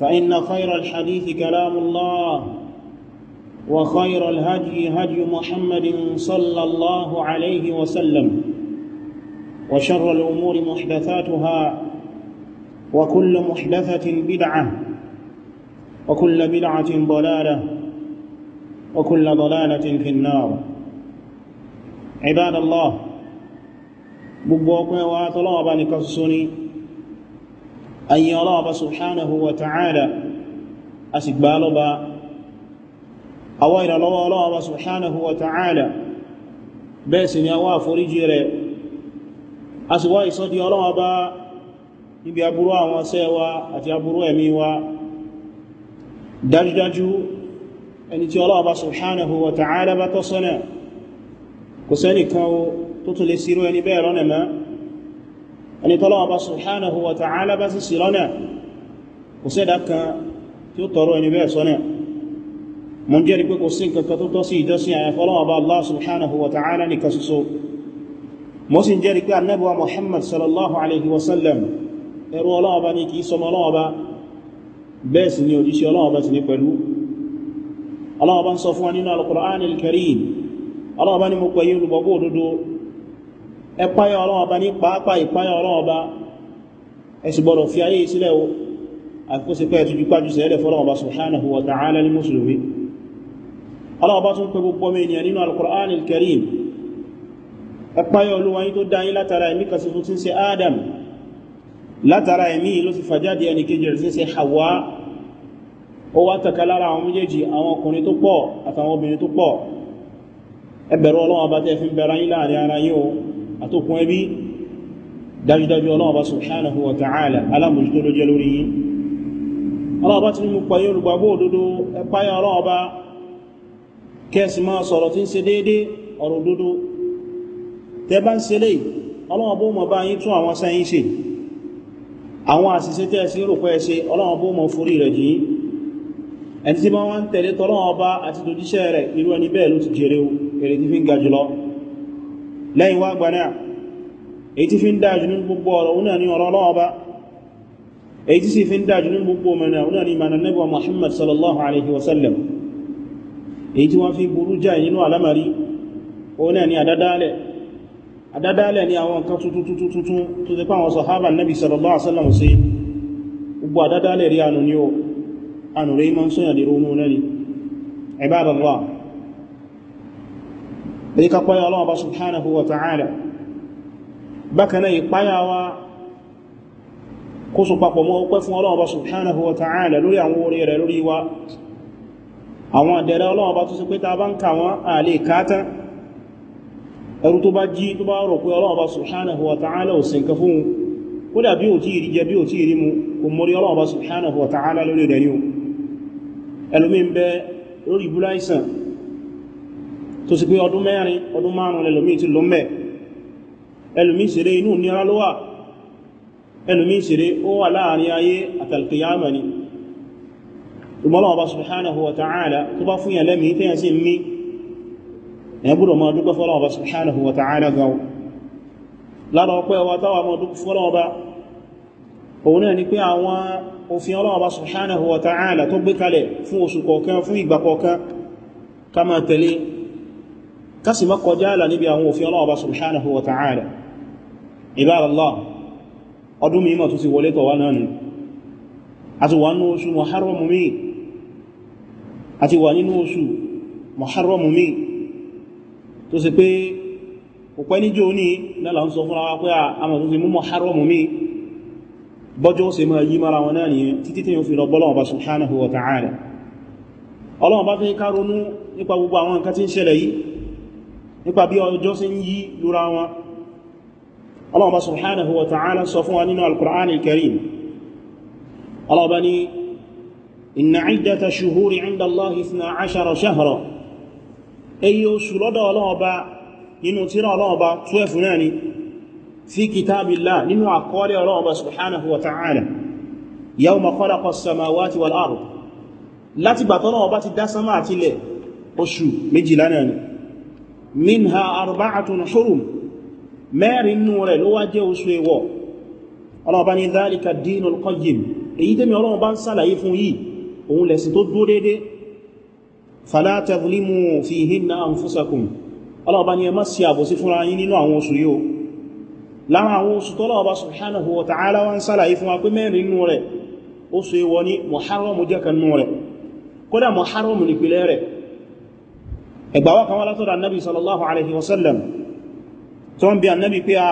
فإن خير الحديث كلام الله وخير الهدي هدي محمد صلى الله عليه وسلم وشر الأمور محدثاتها وكل محدثة بدعة وكل بدعة ضلالة وكل ضلالة في النار عباد الله gbogbo ọkùnrin wa ayin ọlọ́ọ̀bá subhanahu wa ta'ala a sì gbá lọ́ba àwọn ìrànlọ́wọ́ ọlọ́ọ̀bá subhanahu wa ta'ala bẹ́ẹ̀ sì ni a wá àforíjì rẹ̀ a sì wá ìsọ́dí ọlọ́ọ̀bá níbi aburú àwọn sẹ́wa àti aburú ẹ̀mí wa dájúdájú ẹni tí ọlọ́ọ̀bá subhanahu wa ta'ala bá tọ́ kò sẹ́nìkan tó tún lè síró ẹni bẹ́ẹ̀ lọ́nà mẹ́ ẹni tọ́lọ́wọ́ bá subhanahu wa ta'ala bá sì sí lọ́nà kò sẹ́dá kan tí ó tọrọ ẹni bẹ́ẹ̀ sọ́nà mo ń jẹ́rìí pé kò sí nǹkan tó tọ́ sí ìjọsìn àyàfọ́lọ́wọ́ bá Allah subhanahu wa ta'ala ní kasuso mo sì ń jẹ́rìí pé annabuwa Muhammad sallallahu alaihi wasallam ẹrú ọlọ́wọ́ bá ní kìí sọmọ sọ ẹ̀páyà ọlọ́wọ́ ọba ní pàápàá ìpáyà ọlọ́wọ́ ọba ẹ̀sì gbọ́dọ̀ fi ayé sílẹ̀ o àkóso pé ẹ̀tùjú pàjú sẹ́lẹ̀ fọ́lọ́wọ́ ọba subhanahu wa ta'ala ní mùsùlùmí ọlọ́wọ́ ọba tún pẹ ó wá tẹ̀ka lára àwọn méjèèjì àwọn ọkùnrin tó pọ̀ àtàwọn obìnrin tó pọ̀ ẹ ọlọ́wọ́ ọba tẹ́ fi bẹ̀rẹ̀ yín láàrin ara yín àtòkùn ẹbí dájúdájú ọlọ́wọ́ bá subhanahu wa ta'ala alámòjútó ló jẹ́ lórí yín ọlọ́wọ́ bá ti ní mú pàyẹ olùgbàgbọ́ òdodo ẹpáyà ọlọ́wọ́ bá kẹsì máa sọ̀rọ̀ tí ń ṣe déédé ọ̀rọ̀ òdodo tẹ bá ń ṣe lè ọlọ́wọ́ bó mọ̀ bá yín tún àwọn sẹ́yìn ṣe àwọn àṣìṣe tẹ́ sí rò pẹ́ lẹ́yìn wá gbà náà èyí tí fi ń dájú ní gbogbo ọ̀rọ̀ òun náà ni ọ̀rọ̀ ọlọ́ọba èyí tí sì fi ń dájú ní gbogbo mẹ́rin òun náà ni ìmànà nẹ́bọ̀ Muhammad òun náà ni ibadallah ní kápáyà Ọlọ́run bá subhanahu wa ta'ala bákaná ìpáyà wa kó so papọ̀ mọ́ ọpẹ́ fún Ọlọ́run bá subhanahu wa ta'ala lórí àwọn orí rẹ̀ lórí wa àwọn àdẹ̀rẹ̀ Ọlọ́run bá tó sí pé ta bá ń kà wọ́n àlè kátá ẹrù tó bá jí tó bá rọ̀ pé bá wa ta'ala ò sìnkà fún kó dà bí ò mu kò mọ́rí Ọlọ́run bá subhanahu wa ta'ala lórí rẹ̀ ni ó ń tó sì pé ọdún mẹ́rin ọdún márùn ẹlòmí ti lọ mẹ́ ẹlòmí ìṣeré inú nira ló wà ẹlòmí ìṣeré ó wà láàrin ayé àtàlkìyàmà ni ìmọ́lọ́wọ́ bá subhanahu wa ta'ala tó bá fún yẹ̀lẹ́mì tẹ́yẹ̀ sí mí ẹgbùdọ̀ ma dúkọ́ fọ́lọ́wọ́ bá subhanahu wa kásì má kọjá àlà níbi àwọn òfin ọlọ́ọ̀bá subhanahu wa ta'ala ibadallah ọdún mímọ̀ tó ti wọlé tọ̀wá náà nù àti wà nínú oṣù muharramu mi àti wà nínú oṣù muharramu mi tó sì pé òpẹ́ níjò ní lọ́la ń sọ fún àwọn pé àmà tó ti mú muharramu bọ́jọ́ sì máa yí mara wọn náà nìyẹn títí nípa bí ọjọ́ sí ń yí lura wọn Allah bá subhanahu wa ta'ala sọ fún wa nínú al-Qur'an al-Karim Allah bá ní inna 'iddata shuhuri 'inda Allah ithna 'ashara shahra èyí oṣù lọ́dọ̀ Allah bá nínú tírà Allah 12 náà ni fi kitabillah nínú àkọọ́lẹ̀ Allah bá subhanahu ta'ala minha arba'atun hurum mẹ́rin nú rẹ̀ ló wá jẹ́ oṣù ẹwọ́ ọlọ́ọ̀bá ní dhalika dinul qayyim èyí tẹ́mi ọlọ́ọ̀bá ń sàlàyé fún yìí òun lẹ̀sìn tó dúró dédé fala tadhlimu fihinna anfusakum ọlọ́ọ̀bá ní ẹ má sí àbòsí fúnra yín nínú àwọn ẹgbàwọ́ kan wá látọ̀dọ̀ annabi sallallahu alaihi wasallam tó ń bí annabi pé a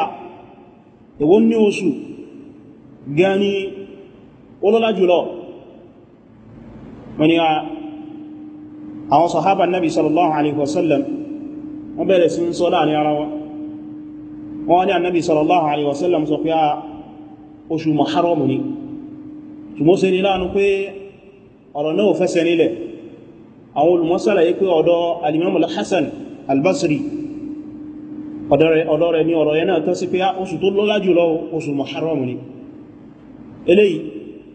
èwo ní oṣù gani olóla jùlọ wani a àwọn sahaba annabi sallallahu alaihi wasallam wọ́n bẹ̀rẹ̀ sí ń sọ láàrin ara wọn wọ́n ní annabi sallallahu alaihi wasallam sọ pé a oṣù muharram ni tùmọ́sẹ̀ ni láàánú pé ọ̀rọ̀ náà fẹ́sẹ̀ nílẹ̀ àwọn olùmọ́sára yí pé ọ̀dọ̀ alimamul hassan albasri ọ̀dọ̀ rẹ̀ ní ọ̀rọ̀ yẹn náà tán sí pé ah, oṣù tó lọ́lá jùlọ oṣù muharram ni eléyìí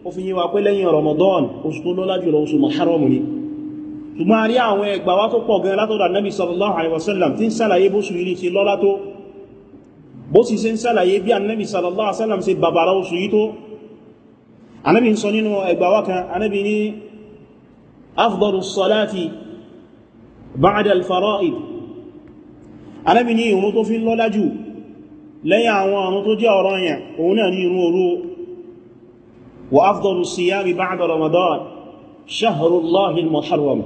ó fi yíwa pé lẹ́yìn ramadan oṣù tó lọ́lá jùlọ oṣù muharram ni ṣùgbọ́n a rí àwọn ẹgbà wá tó pọ̀ gan látọ̀dọ̀ nabi sallallahu alaihi wasallam tí ń sàlàyé bó sùn yìí ṣe lọ́lá tó bó sì afdọ́rù sọ́láti ba'da al-fara'id anábi ní ìrun tó fi lọ́lá jù lẹ́yìn àwọn àrùn tó jẹ́ ọ̀ranyàn òun náà ní ìrun òru wa afdọ́rù siyami ba'da ramadan shahrullahi al-muharram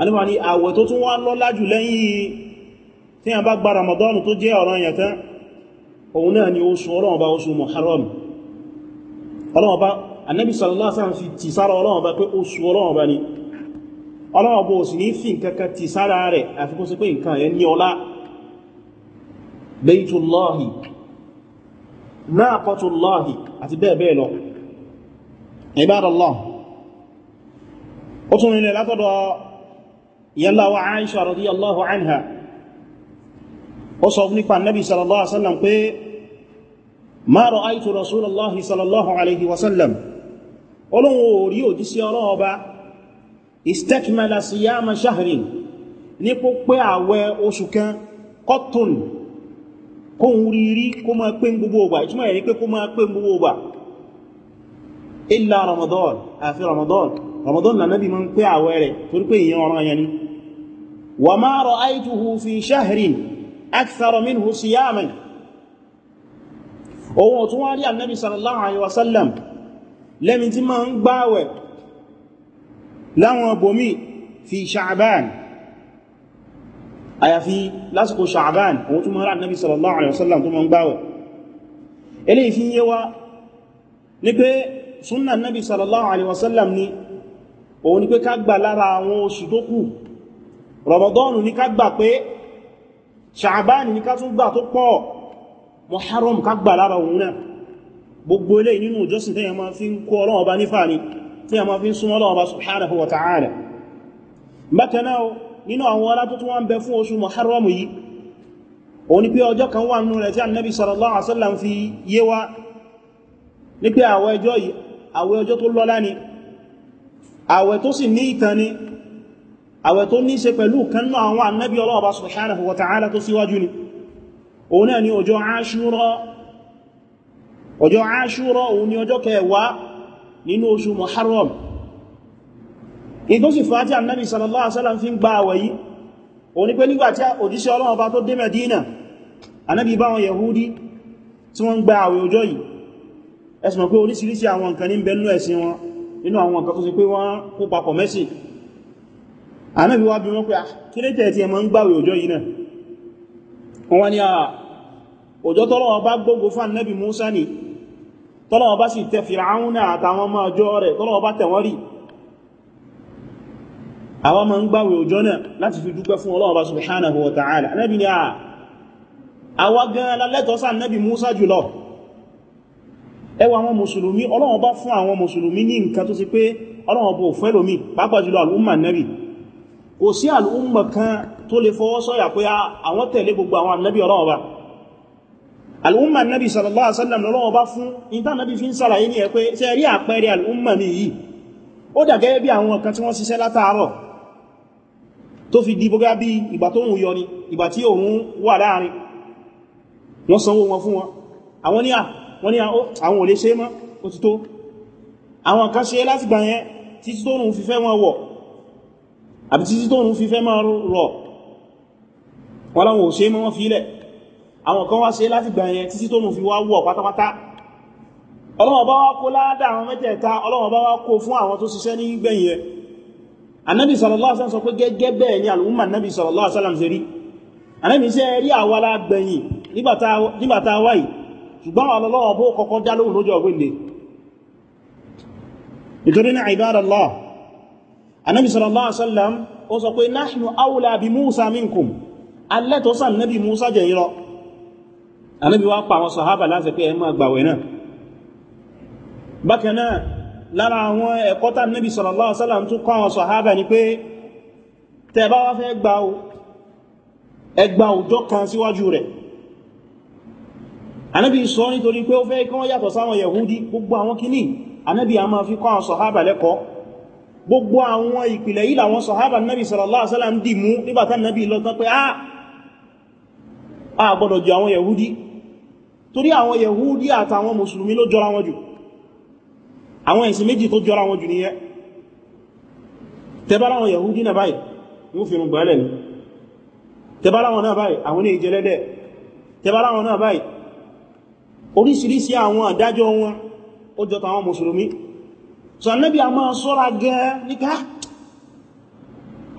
anábi ní àwẹ̀ tó tún wá lọ́lá jù lẹ́yìn tí a bá gba ramadan tó jẹ́ ọ̀ranyàn ọlọ́ọ̀bọ̀ òsì ní fi nkankan ti sára rẹ̀ àfikún sí pé nkan ẹ̀ ní ọlá baytullahi naqatullahi àti bẹ́ẹ̀ bẹ́ẹ̀ lọ ibadallah ó tún nílẹ̀ látọ́dọ̀ yẹláwà Aisha radiyallahu anha ó sọ nípa nabi sallallahu alaihi wasallam pé ma ra'aytu rasulallahi sallallahu alaihi wasallam òjísí ọlọ́ọba istakmala siyama shahrin ní kó pé àwẹ̀ oṣù kan kọ́tùn kóhun rírí kó máa pé ń gbogbo ọgbà ìtumọ̀ ẹ̀ ní pé kó máa pé ń gbogbo ọgbà illa ramadan àfi ramadan ramadan na nabi man pé àwẹ̀ rẹ̀ torí pé ìyẹn ọ̀ràn yẹn ni wa ma ra'aytuhu fi shahrin akthara minhu siyaman ohun ọ̀tún wá rí láwọn bòmí fi ṣàbán àyàfi lásìkò ṣàbán òun tó mọ́ra annabi sallallahu alaihi wasallam tó mọ́n gbáwẹ̀ eléyìí fi yé wa ní pé súnnà annabi sallallahu alaihi wasallam ni òun ni pé ká gbà lára àwọn oṣù tó kù rọmọdọ́nù ni ká gbà pé ṣàbán ni ká tún gbà tó pọ̀ muharram ká gbà lára òun náà gbogbo eléyìí nínú ìjọsìn tẹ́yàn máa fi ń kó ọlọ́wọ́ bá nífà ni tí a ma fi ń súnmọ́ lọ́wọ́ bá subhanahu wa ta'ala bákanáà nínú àwọn ọlá tó tún wá ń bẹ fún oṣù muharram yìí o ní pé ọjọ́ kan wà nínú rẹ̀ tí annabi sallallahu alaihi wasallam fi yé wa ní pé àwẹ̀ ọjọ́ yìí àwẹ̀ ọjọ́ tó lọ́lá ni àwẹ̀ tó sì ní ìtàn ni àwẹ̀ ọjọ́ Ashura òun ni ọjọ́ kẹwàá nínú oṣù muharram in tó sì fà tí annabi sallallahu alaihi wasallam fi ń gba àwẹ̀ yìí o ní pé nígbàtí òjíṣẹ́ ọlọ́run bá tó dé medina annabi bá wọn yahudi tí wọ́n ń gba àwẹ̀ ọjọ́ yìí ẹsùn pé oríṣiríṣi àwọn nǹkan ní bẹnu tọ́lọ́wọ́ bá sì tẹ fìràún àtàwọn ọmọ ọjọ́ rẹ̀ tọ́lọ́wọ́ bá tẹ̀wọ́n rí àwọn ọmọ ń gbáwẹ̀ ọjọ́ náà láti fi dúpẹ́ fún Ọlọ́run Ọba subhanahu wa ta'ala Ànábì ní àwa gan lálẹ́tọ̀ọ́ sí Ànábì Mùsá jùlọ ẹwà àwọn mùsùlùmí Ọlọ́run Ọba fún àwọn mùsùlùmí ní nǹkan tó sì pé Ọlọ́run Ọba ò fẹ́ lómi pàápàá jùlọ al'umma nabi sallallahu alaihi wasallam lọ́wọ́ bá fún ìta nabi fi ń sàlàyé ní ẹ pé ṣe rí àpẹẹrẹ al'umma mi yìí ó dà gẹ́gẹ́ bí àwọn kan tí wọ́n ṣiṣẹ́ látàárọ̀ tó fi di bógá bí ìgbà tó ń yọ ni ìgbà tí òun wà láàrin wọ́n sanwó wọn fún wọn àwọn ní àwọn ò lè ṣe àwọn kan wá ṣe láti gbà yẹn títí tó nù fi wá wọ̀ pátápátá ọlọ́wọ̀n bá wá kó ládá àwọn mẹ́tẹ̀ẹ̀ta ọlọ́wọ̀n bá wá kó fún àwọn tó ṣiṣẹ́ ní gbẹ̀yìn yẹn anábì sallallahu alaihi wasallam sọ pé gẹ́gẹ́ bẹ́ẹ̀ ni àlùmà anábì sallallahu alaihi wasallam ṣe rí anábì iṣẹ́ rí àwa la gbẹ̀yìn nígbàtà wáyì ṣùgbọ́n ọlọ́wọ̀n bó kọ́kọ́ dá lóhùn lójú ọgbẹ̀lẹ̀ nítorí ní ibadallah anábì sallallahu alaihi jẹ̀yìn lọ anábi wá pa àwọn sàhábà láti pé ẹ máa gbàwẹ̀ náà bákan náà lára àwọn ẹ̀kọ́ tá nábi sallallahu alaihi wasallam tún kọ́ àwọn sàhábà ní pé tẹ́ bá wá fẹ́ gba ọjọ́ kan síwájú rẹ̀ anábi sọ nítorí pé ó fẹ́ kí wọ́n yàtọ̀ sáwọn yahudi gbogbo àwọn kìíní anábi a máa fi kọ́ àwọn sàhábà lẹ́kọ̀ọ́ gbogbo àwọn ìpìlẹ̀ yìí làwọn sàhábà nábi sallallahu alaihi wasallam dì mú nígbàtá nábi lọ tán pé ah a gbọ́dọ̀ jẹ àwọn yẹ̀húdí torí àwọn yẹ̀húdí àtàwọn mùsùlùmí ló jọra wọn jù àwọn ẹ̀sìn méjì tó jọra wọn jù níyẹ tẹbára àwọn yẹ̀húdí náà báyìí wọ́n fi rùgbọ́ ẹlẹ̀ ní tẹbára àwọn náà báyìí àwọn ní ìjẹlẹ́dẹ̀ tẹbára àwọn náà báyìí oríṣiríṣi àwọn àdájọ́ wọn ó jọ tàwọn mùsùlùmí so annabi a máa sọ́ra gẹ́ níká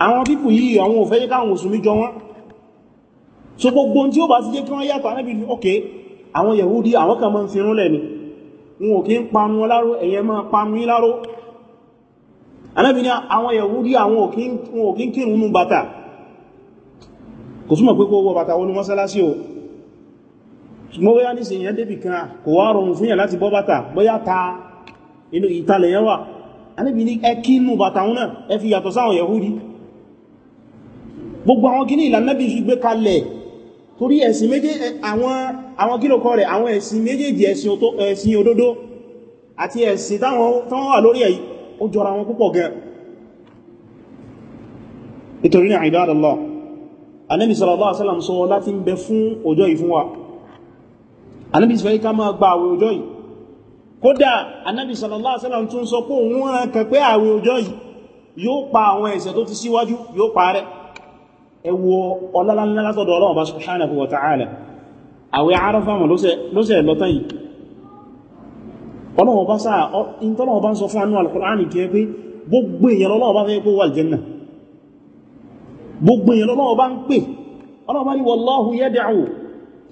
àwọn pípù yìí àwọn òfẹ́ yíká mùsùlùmí jọ wọn so gbogbo tí ó bá ti jẹ́ kí wọ́n yàtọ̀ anábì ní ok àwọn yahudi àwọn kan máa ń fìrún lẹ̀ ni wọn ò kí ń panu láró ẹ̀yẹ máa panu láró anábì ní àwọn yahudi àwọn ò kí ń kírun nú bàtà kò túnmọ̀ pé kó wọ bàtà wọnú mọ́sálásí o ṣùgbọ́n bóyá ní sí ìyẹn débì kan kò wá rọrùn fún ta inú ìtàlẹ̀ yẹn wà anábì ní ẹ kí nú bàtà yahudi gbogbo àwọn kí ní ìlànà bí i gbé kalẹ̀ torí ẹ̀sìn méjì àwọn kílòkọ́ rẹ̀ àwọn ẹ̀sìn méjèèjì ẹ̀sìn òdodo àti ẹ̀sìn táwọn wà lórí èyí ó jọra wọn púpọ̀ gan nítorí ní ibadallah Ànábì sallallahu alaihi wasallam sọ láti ń bẹ fún ọjọ́ yìí fún wa Ànábì fẹ́ ká máa gba àwẹ̀ ọjọ́ yìí kódà Ànábì sallallahu alaihi wasallam tún ẹwọ ọlálálá lásọ̀dọ̀ Ọlọ́run bá subhanahu wa ta'ala àwẹ̀ arọ́fàmà lóṣẹ̀ lọ́tán yìí Ọlọ́run bá sáà ìntọ́lọ́wọ́ bá ń sọ fún anú al-Qur'ani kí ẹ pé gbogbo èèyàn lọ́wọ́ bá fẹ́ kó wà jẹ́nà gbogbo èèyàn lọ́wọ́ bá ń pè Ọlọ́run bá ní wallahu yad'u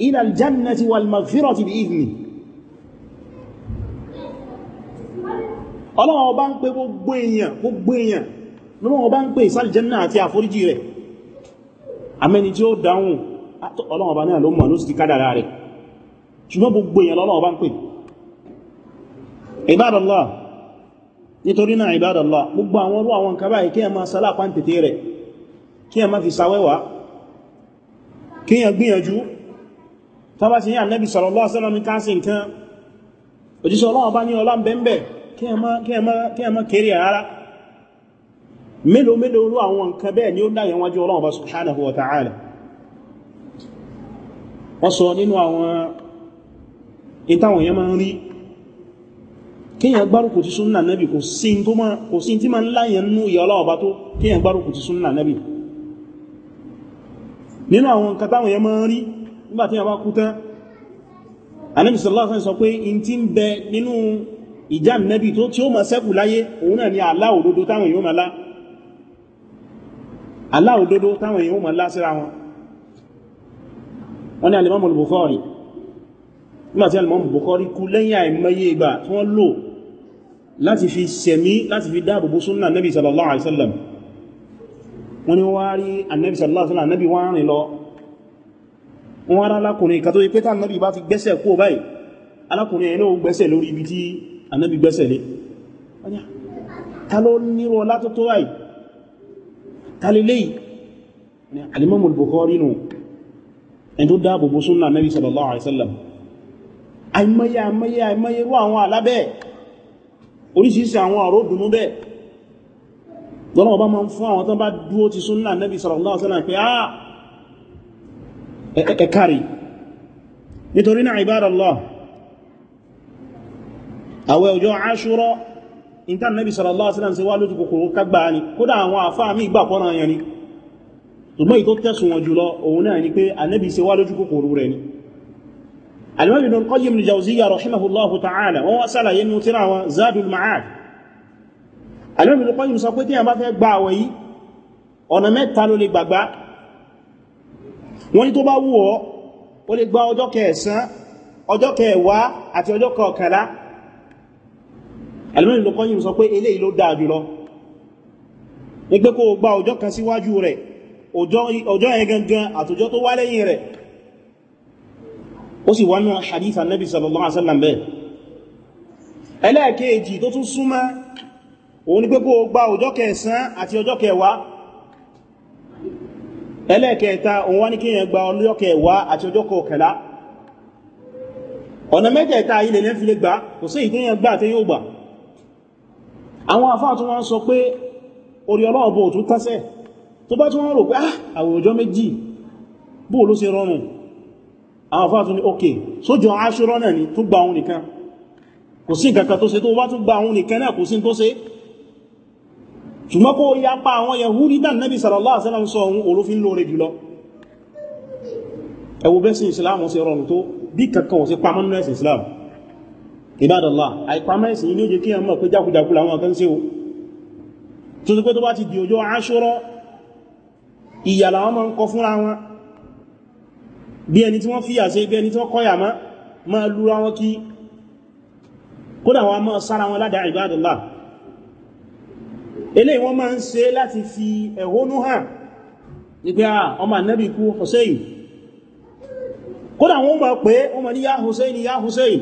ila al-jannati wal maghfirati bi idhni Ọlọ́run bá ń pè gbogbo èèyàn gbogbo èèyàn lọ́wọ́ bá ń pè sáàlì jẹ́nà àti àforíjì rẹ̀ amẹ́ni tí ó dáhùn ọlọ́wọ́ bá náà ló mọ̀ ló sì ti kádàrà rẹ̀ ṣùgbọ́n gbogbo èèyàn lọ́lọ́wọ́ bá ń pè Ibadallah nítorí náà Ibadallah gbogbo àwọn orú àwọn nǹkan báyìí kí ẹ máa sálápá tètè rẹ̀ kí ẹ máa fi sáwẹ́wàá kí ẹ gbìyànjú tó bá ti ní Ànábì sallallahu alaihi mélòó mélòó ló àwọn nǹkan bẹ́ẹ̀ ni ó dáyẹ̀ wájú ọlọ́run bá subhanahu wa ta'ala wọ́n sọ nínú àwọn ìtàwọn èèyàn máa ń rí kíyàn gbárùkù ti súnnà nẹ́bì kò sí tí ma ń láyẹn nú ìyà ọlọ́run bá tó kíyàn gbárùkù ti a bá kú tán aláòdodo táwọn èèyàn mọ̀ lásìra wọn wọ́n ní alimọ́mù Bukhari nígbàtí alimọ́mù Bukhari kú lẹ́yìn àìmọye ìgbà tí wọ́n lò láti fi sẹ̀mí láti fi dáàbòbò súnnà nẹ́bí sallallahu alaihi wasallam wọ́n ní wá rí annabi sallallahu alaihi wasallam annabi wá rìn lọ wọ́n rá alákùnrin ìkà tó yí pé tá annabi bá fi taliléyìí ni alimamu al-Bukhari nù ẹni tó dáàbò bó súnnà nabi sallallahu alaihi wasallam àìmọye àìmọye àìmọye irú àwọn alábẹ́ oríṣiríṣi àwọn àródùnú bẹ́ẹ̀ lọ́nà ọba ma ń fún àwọn tán bá dúó ti súnnà nabi sallallahu alaihi wasallam pé á ẹ̀kàrí nítorí náà ibadallah àwẹ̀ ọjọ́ Ashura ìta nẹ́bí sallallahu alaihi wasallam ṣe wá lójú kòkòrò kagbà ni kódà àwọn àfáà mí ìgbà kọ́nà yẹn ni ṣùgbọ́n ìtó tẹ́sùn wọn jùlọ òun náà ni pé anẹ́bí ṣe wá lójú kòkòrò rẹ̀ ni alimọ́bí Ibn Qayyim al-Jawziyya rahimahullahu ta'ala wọ́n wá sálàyé nínú tíra wọn Zadul Ma'ad alimọ́bí Ibn Qayyim sọ ọjọ́ kẹsàn ọjọ́ kẹwàá àti ọjọ́ kọkànlá alimọ́ni ló kọ́ yìí sọ pé eléyìí ló dáa jùlọ ní pé kó gba ọjọ́ kan síwájú rẹ̀ ọjọ́ yẹn gangan àtọjọ́ tó wá lẹ́yìn rẹ̀ ó sì wá náà hadith annabi sallallahu alaihi wasallam bẹ́ẹ̀ ẹlẹ́ẹ̀kejì tó tún súnmọ́ òun ni pé kó gba ọjọ́ kẹsàn àti ọjọ́ kẹwàá ẹlẹ́ẹ̀kẹta òun wá ní kí yẹn gba àwọn àfáà tún wọ́n sọ pé orí ọlọ́ọ̀bọ̀ òtún tásẹ̀ tó bá tún wọ́n rò pé ah, àwòjọ méjì bó ló ṣe rọrùn àwọn àfáà tún ní ok sójọ aṣúrọ́ náà ni tó gba ohun nìkan kò sí nǹkan kan tó ṣe tó bá tún gba ohun nìkan náà kò sí tó ṣe ṣùgbọ́n kó yapa àwọn yahudi dán nabi sallallahu alaihi wasallam sọ ohun olófin lóore jùlọ ẹwọ bẹ́sìn islam ṣe rọrùn tó bí kankan ò sí pamọ́ nínú ẹ̀sìn islam ìbádọ̀lá àìpamọ́ ẹ̀sìn ilé jẹ́ kí ẹ mọ̀ pé jákújákú làwọn kan sí o tó tó pé tó bá ti di ọjọ́ Àṣúrà ìyà làwọn máa ń kọ fúnra wọn bí ẹni tí wọ́n fìyà ṣe bí ẹni tí wọ́n kọyà má máa lura wọn kí kódà wọn máa sára wọn ládàá ìbádọ̀lá eléyìí wọ́n máa ah, Hussein kódà wọ́n máa pé wọ́n máa ní yá Hussein yá Hussein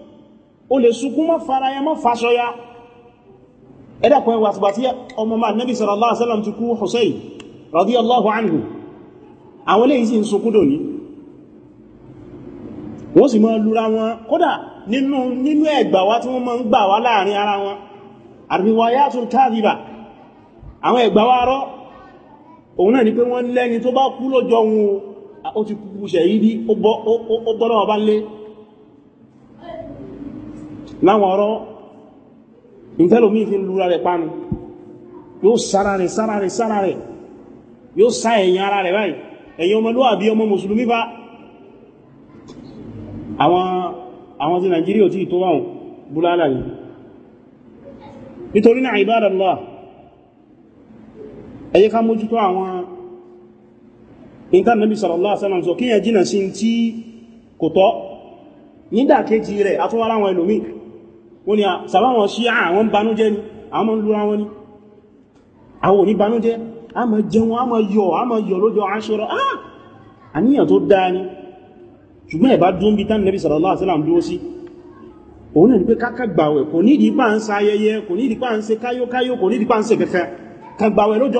o lè sunkún mọ́ fara ya mọ́ fásọya ẹ́dàkùn ẹwà àtìgbàtí ọmọ ma nabi sallallahu alaihi wasallam ti kú hussein radiyallahu anhu àwọn lè yìí sunkún dò ní wọ́n sì máa lura wọn kódà nínú ẹgbàwá tí wọ́n máa ń gbà wá láàrin ara wọn láwọn ọ̀rọ̀ ìtẹ́lòmí fi ń lura rẹ̀ pánu yóò sára rẹ̀ sára rẹ̀ sára rẹ̀ yóò sá ẹ̀yìn ara rẹ̀ báyìí ẹ̀yìn ọmọlúwàbí ọmọ mùsùlùmí bá àwọn tí Nàìjíríà tí tó wáhùn búlálà ní nítorí náà ibadallah ẹ ká mójútó àwọn nǹkan Nabi sallallahu alaihi wasallam sọ kí ẹ jìnà sí tí kò tọ́ nídàkejì rẹ̀ àtúnwárá àwọn ẹlòmíì wọ́n ni sàbáwọn ah, sí àwọn ah, banújẹ́ ni àwọn mọ́ ń lúra wọn ni àwọn òní banújẹ́ a mọ̀ jẹun a mọ̀ yọ a mọ̀ yọ lójọ aṣọ́rọ̀ ah! àníyàn tó dáa ni ṣùgbọ́n ẹ̀bá dún bí tán nẹ́bí sallallahu alaihi wasallam dúró sí òun náà ni pé káká gbàwẹ̀ kò ní ìdípa ń sa ayẹyẹ kò ní ìdípa ń ṣe káyókáyó kò ní ìdípa ń ṣe kẹfẹ́ ká gbàwẹ̀ lójọ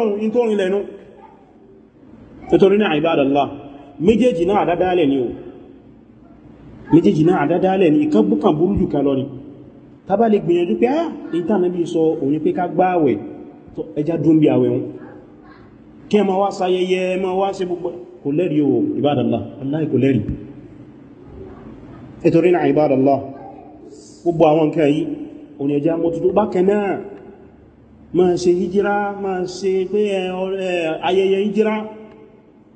ohun tó rin ìkan búkan burú kan lọ ni tábà lè gbìyànjú pé ah ìta nàbí sọ òní pé ká gbá àwẹ̀ tó ẹjá dún bí àwẹ̀ wọn kí ẹ ma wá sayẹyẹ ma wá sí gbogbo kò lẹ́rí o ìbádàlá aláì kò lẹ́rí ẹ̀tọ́rí náà ìbádàlá gbogbo àwọn nǹkan yìí òní ẹjá mọ́ tuntun bákan náà ma ṣe hijira ma ṣe pé ayẹyẹ hijira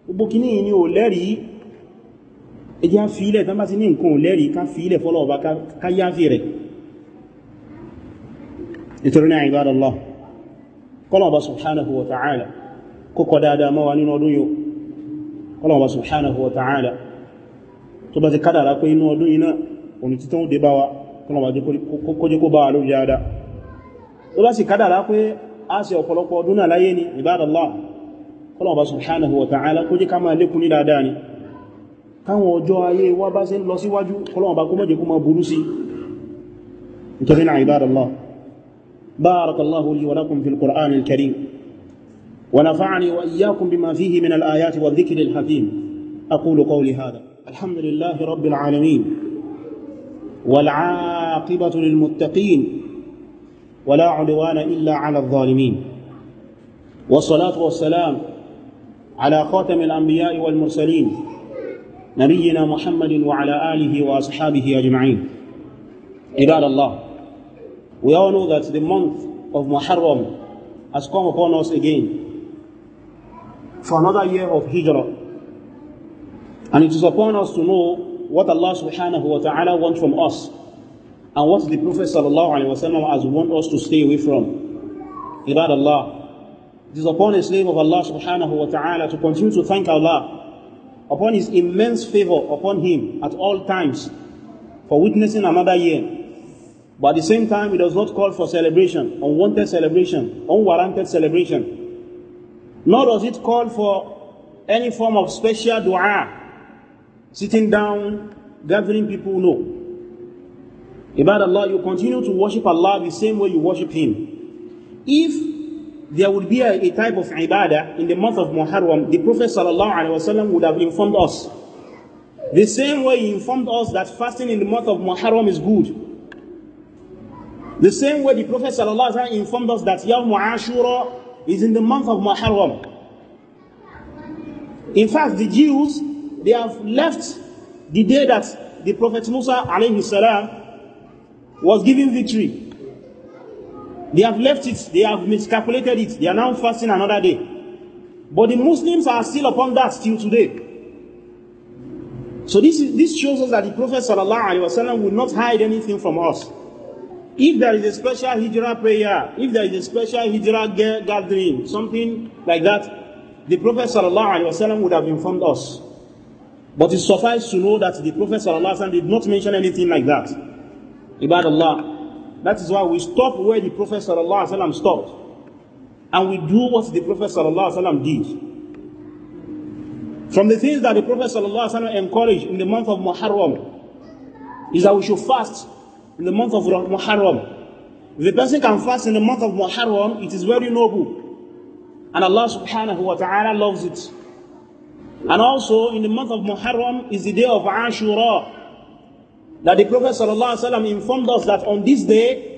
gbogbo kìíní ẹjá fi ilẹ̀ tán bá ti ní nǹkan ò ká fi ilẹ̀ fọ́lọ̀ ọba ká yáfi rẹ̀ nítorí náà ibadallah kọ́nà ọba subhanahu wa ta'ala kókọ dáadáa mọ́wa nínú ọdún yóò kọ́nà ọba subhanahu wa ta'ala tó bá ti kádàrá pé inú ọdún iná òní títán ó dé bá wa kọ́nà ọba kójé kó bá wa lórí dáadáa tó bá sì kádàrá pé بارك الله لي ولكم في القرآن الكريم ونفعني وإياكم بما فيه من الآيات والذكر الحكيم أقول قولي هذا الحمد لله رب العالمين والعاقبة للمتقين ولا عدوان إلا على الظالمين والصلاة والسلام على خاتم الأنبياء والمرسلين نبينا محمد وعلى آله وأصحابه أجمعين عباد الله We all know that the month of Muharram has come upon us again for another year of Hijrah. And it is upon us to know what Allah subhanahu wa ta'ala wants from us and what the Prophet sallallahu alaihi wasallam has warned us to stay away from. Ibad Allah. It is upon a slave of Allah subhanahu wa ta'ala to continue to thank Allah upon His immense favor upon him at all times for witnessing another year but at the same time, it does not call for celebration, unwanted celebration, unwarranted celebration. Nor does it call for any form of special dua, sitting down, gathering people, no. About Allah, you continue to worship Allah the same way you worship Him. If there would be a, a type of ibadah in the month of Muharram, the Prophet ﷺ would have informed us. The same way he informed us that fasting in the month of Muharram is good. The same way the Prophet ﷺ informed us that Yawm Ashura is in the month of Muharram. In fact, the Jews, they have left the day that the Prophet Musa alayhi salam was given victory. They have left it. They have miscalculated it. They are now fasting another day. But the Muslims are still upon that still today. So this, is, this shows us that the Prophet sallallahu alayhi wa sallam will not hide anything from us. If there is a special hijrah prayer, if there is a special hijrah gathering, something like that, the Prophet sallallahu alaihi wasallam would have informed us. But it suffices to know that the Prophet sallallahu alaihi wasallam did not mention anything like that. Ibad Allah. That is why we stop where the Prophet sallallahu alaihi wasallam stopped. And we do what the Prophet sallallahu alaihi wasallam did. From the things that the Prophet sallallahu alaihi wasallam encouraged in the month of Muharram is that we should fast in the month of Muharram. If a person can fast in the month of Muharram, it is very noble. And Allah subhanahu wa ta'ala loves it. And also in the month of Muharram is the day of Ashura. That the Prophet sallallahu alaihi wasallam informed us that on this day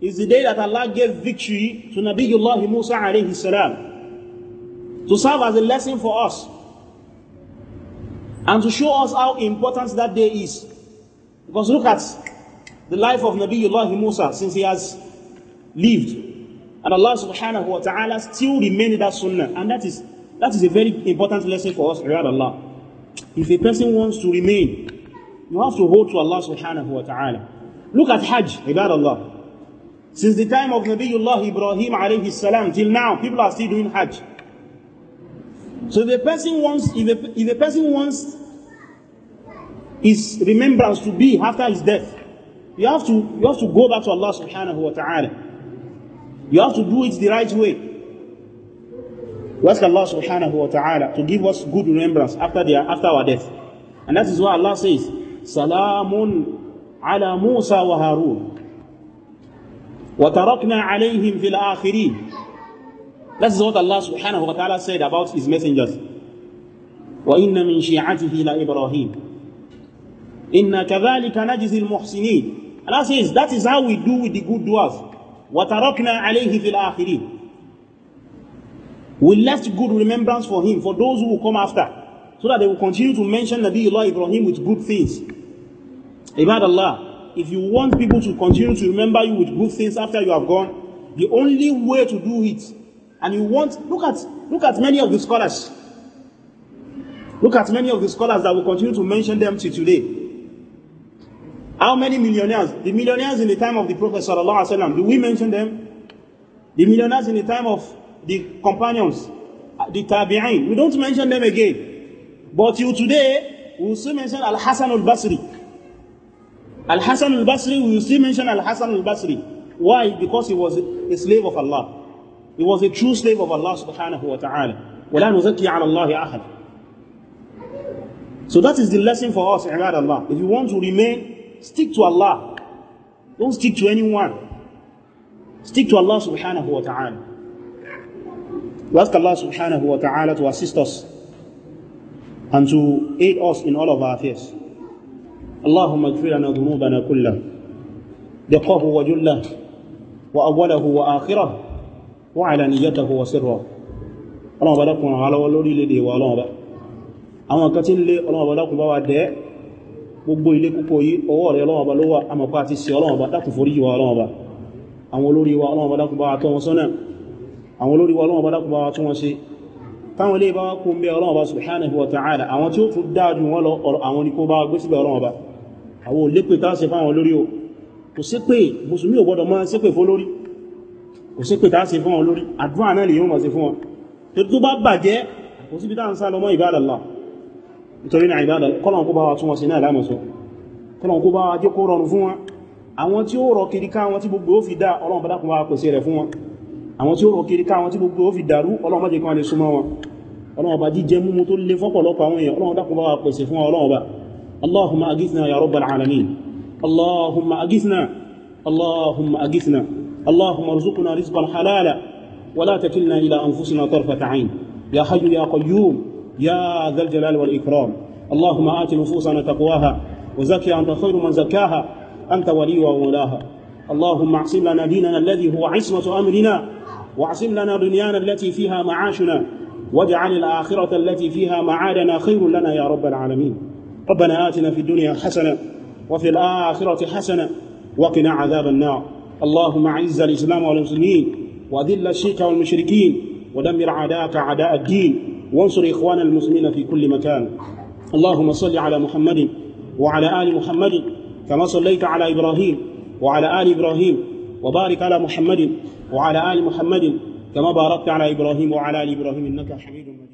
is the day that Allah gave victory to Nabiullah Musa alayhi salam to serve as a lesson for us and to show us how important that day is. Because look at the life of Nabiullah Musa since he has lived. And Allah subhanahu wa ta'ala still remained that sunnah. And that is, that is a very important lesson for us, Riyad Allah. If a person wants to remain, you have to hold to Allah subhanahu wa ta'ala. Look at Hajj, Riyad Allah. Since the time of Nabiullah Ibrahim alayhi salam till now, people are still doing Hajj. So if a person wants, if a, if a person wants his remembrance to be after his death, you have to you have to go back to Allah subhanahu wa ta'ala you have to do it the right way we ask Allah subhanahu wa ta'ala to give us good remembrance after their after our death and that is why Allah says salamun ala Musa wa Harun wa tarakna alayhim fil akhirin that is what Allah subhanahu wa ta'ala said about his messengers wa inna min shi'atihi la Ibrahim inna kadhalika najzi al muhsinin And that is, that is how we do with the good doers. وَتَرَكْنَا عَلَيْهِ فِي الْآخِرِينَ We left good remembrance for him, for those who will come after, so that they will continue to mention Nabiullah Ibrahim with good things. Ibad Allah, if you want people to continue to remember you with good things after you have gone, the only way to do it, and you want, look at, look at many of the scholars. Look at many of the scholars that will continue to mention them to today. How many millionaires? The millionaires in the time of the Prophet sallallahu alaihi wasallam. Do we mention them? The millionaires in the time of the companions, the tabi'in. We don't mention them again. But you today, we will still mention al Hassan al-Basri. al Hassan al-Basri, we will still mention al Hassan al-Basri. Why? Because he was a slave of Allah. He was a true slave of Allah subhanahu wa ta'ala. وَلَا نُزَكِّي عَلَى اللَّهِ أَحَدٍ So that is the lesson for us, Allah. If you want to remain stick to Allah don't stick to anyone stick to Allah subhanahu wa ta'ala we ask Allah subhanahu wa ta'ala to assist us and to aid us in all of our affairs اللهم اغفر لنا ذنوبنا كلها دقه وجله وأوله وآخره وعلانيته وسره ọlọ́wọ́ bá dákùn àwọn alọ́wọ́ lórí ilẹ̀ ìwà ọlọ́wọ́ bá àwọn kan tí ń lé ọlọ́wọ́ bá dákùn gbogbo ilé kúkọ yí ọwọ́ rẹ̀ ọlọ́wọ́ bá ló wà amọ̀pá àti sí ọlọ́wọ́ bá dákùn forí yíwa ọlọ́wọ́ bá àwọn olórí wa ọlọ́wọ́ bá dákùn bá tọ́ wọn sọ́nà àwọn olórí wa ọlọ́wọ́ bá dákùn bá tún wọn sí táwọn ilé bá kún bẹ́ ọlọ́wọ́ bá subhanahu wa ta'ala àwọn tí ó tún dáadù wọn lọ àwọn ni kó bá gbé síbẹ̀ ọlọ́wọ́ bá àwọn olè pè sí fáwọn olórí o kò sí pé mùsùlùmí ò gbọdọ̀ máa sí fún olórí kò sí pé táà sí fún olórí àdúrà náà lè yóò máa sí fún wọn tó bá bàjẹ́ kò síbi táà ń sá lọ mọ́ ìbádàlá nítorí náà ìbádà kọ́lọ̀n kó bá wa túnmọ̀ sí náà lámọ̀sọ́ kọ́lọ̀n kó bá wa jẹ́ kó rọrùn fún wọn àwọn tí ó rọ kiri ká wọn tí gbogbo ó fi dá ọlọ́run bádá kún wa pèsè rẹ̀ fún wọn àwọn tí يا rọ kiri ká wọn tí gbogbo ó fi dàrú ọlọ́run májẹ̀ kan lè súnmọ́ wọn ọlọ́run ọba jíjẹ múmu tó lé fọ́pọ̀lọpọ̀ àwọn يا ذا الجلال والإكرام اللهم آت نفوسنا تقواها وزكي أنت خير من زكاها أنت ولي وولاها اللهم اعصم لنا ديننا الذي هو عصمة أمرنا واعصم لنا دنيانا التي فيها معاشنا واجعل الآخرة التي فيها معادنا خير لنا يا رب العالمين ربنا آتنا في الدنيا حسنة وفي الآخرة حسنة وقنا عذاب النار اللهم أعز الإسلام والمسلمين وأذل الشرك والمشركين ودمر عداك أعداء الدين وانصر إخوان المسلمين في كل مكان اللهم صل على محمد وعلى آل محمد كما صليت على إبراهيم وعلى آل إبراهيم وبارك على محمد وعلى آل محمد كما باركت على إبراهيم وعلى آل إبراهيم إنك حميد مجيد